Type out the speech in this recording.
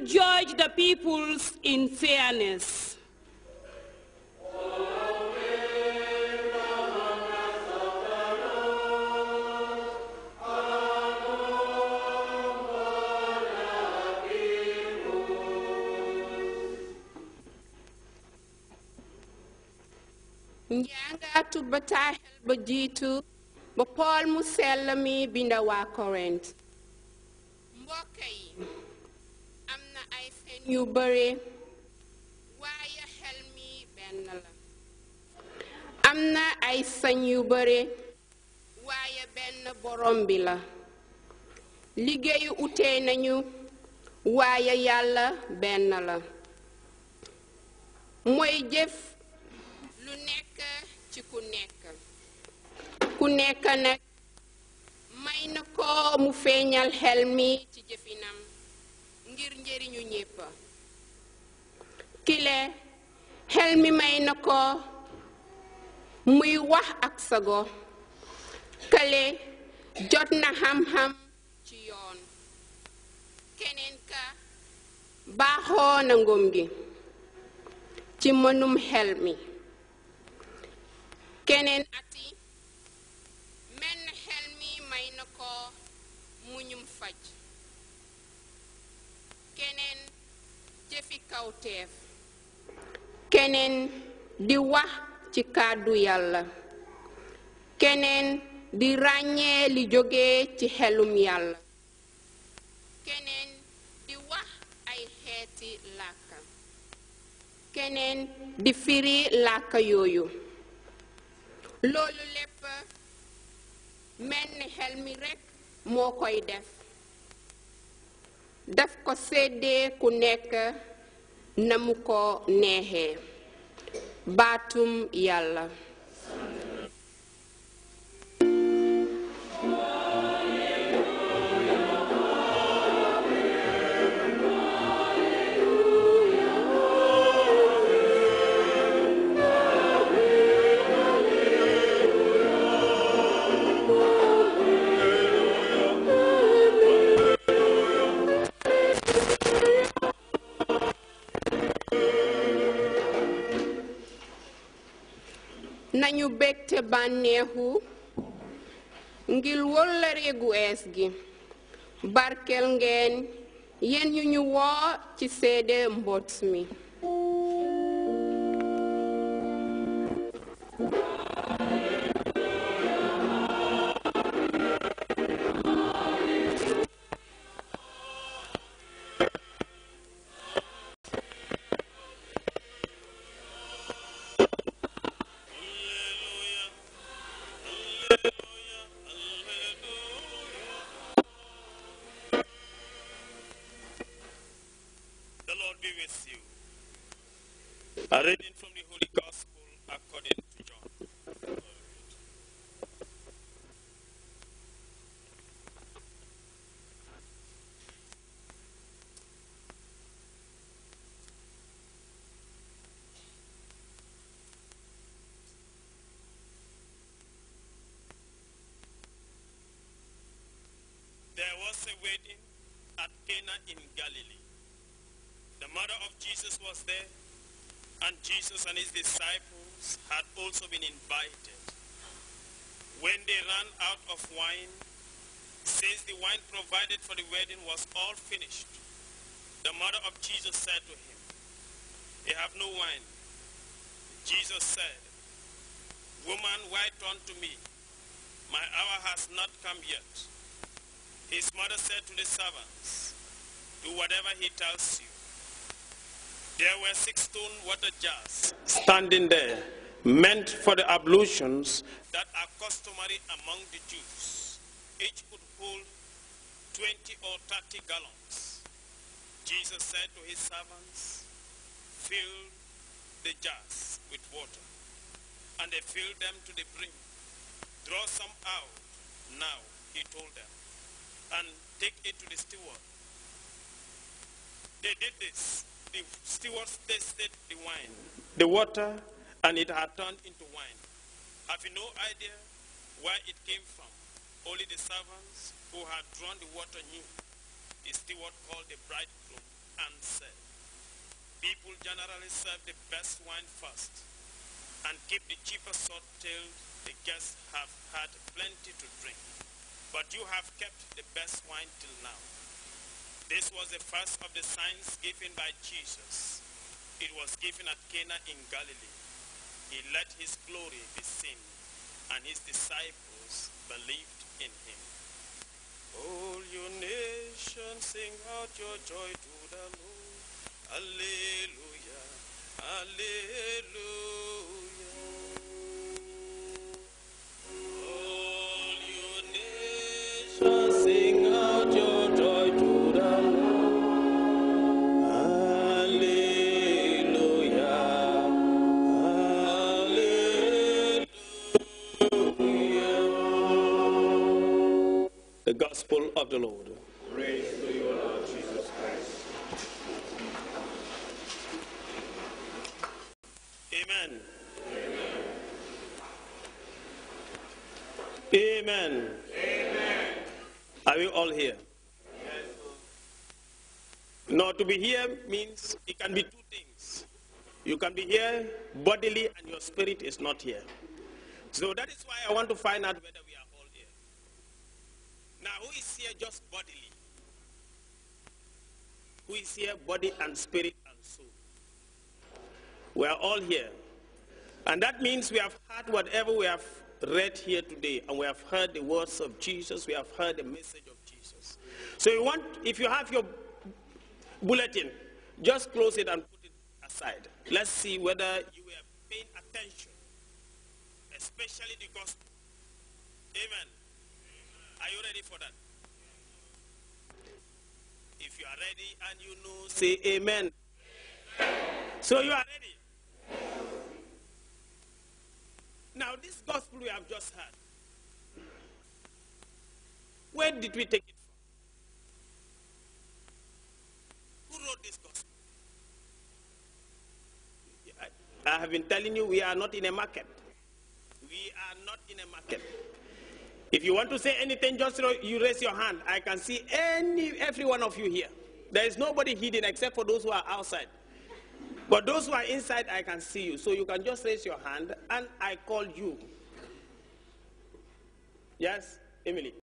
judge the peoples in fairness. njànga to bata ba jiitu ba pool mu sell binda wa current. mbokk yi yu bare benn la am na ay sañ yu bare waaye benn borom bi la liggéeyu utee nañu waaye yàlla benn la mooy jëf lu nekk ci ku nekk ku nekk nag may na ko mu feeñal xel mi ngir njëriñu ñépp kile xel mi may na ko muy wax ak sago kale jot na xam-xam ci yoon keneen ka baaxoo na ngóom gi ci mënum xel mi keneen ati menn xel mi may na ko muñum faj keneen jëfi kawteef keneen di wax ci kàddu yàlla keneen di ràññee li jóge ci xelum yàlla keneen di wax ay xeeti làkka keneen di firi làkka yooyu loolu lépp mel ni xel mi rekk moo koy def daf ko séddee ku nekk na mu ko neexee baatum yàlla nañu bégte bànneexu ngir wóllëre gu ees gi barkel ngeen yéen ñu ñu woo ci seede mboot mi bless you. A reading from the Holy Gospel according to John. There was a wedding at Cana in Galilee the mother of Jesus was there, and Jesus and his disciples had also been invited. When they ran out of wine, since the wine provided for the wedding was all finished, the mother of Jesus said to him, They have no wine. Jesus said, Woman, why turn to me? My hour has not come yet. His mother said to the servants, Do whatever he tells you. There were 16 water jars standing there, meant for the ablutions that are customary among the Jews. Each could hold 20 or 30 gallons. Jesus said to his servants, Fill the jars with water. And they filled them to the brim. Draw some out now, he told them, and take it to the steward. They did this the stewards tasted the wine, the water, and it had turned into wine. Have you no idea where it came from? Only the servants who had drawn the water knew. The steward called the bridegroom and said, People generally serve the best wine first and keep the cheaper sort till the guests have had plenty to drink. But you have kept the best wine till now. This was the first of the signs given by Jesus. It was given at Cana in Galilee. He let his glory be seen, and his disciples believed in him. All you nations, sing out your joy to the Lord. Alleluia, alleluia. Gospel of the Lord. Praise to you, Lord Jesus Christ. Amen. Amen. Amen. Amen. Are you all here? Now, to be here means it can be two things. You can be here bodily and your spirit is not here. So that is why I want to find out whether we are now, who is here just bodily? Who is here body and spirit and soul? We are all here. And that means we have heard whatever we have read here today, and we have heard the words of Jesus, we have heard the message of Jesus. So you want, if you have your bulletin, just close it and put it aside. Let's see whether you were paying attention, especially the gospel. Amen. Are you ready for that? If you are ready and you know, say amen. amen. So you are ready? Now this gospel we have just heard, where did we take it from? Who wrote this gospel? I have been telling you we are not in a market. We are not in a market. If you want to say anything, just you raise your hand. I can see any, every one of you here. There is nobody hidden except for those who are outside. But those who are inside, I can see you. So you can just raise your hand and I call you. Yes, Emily.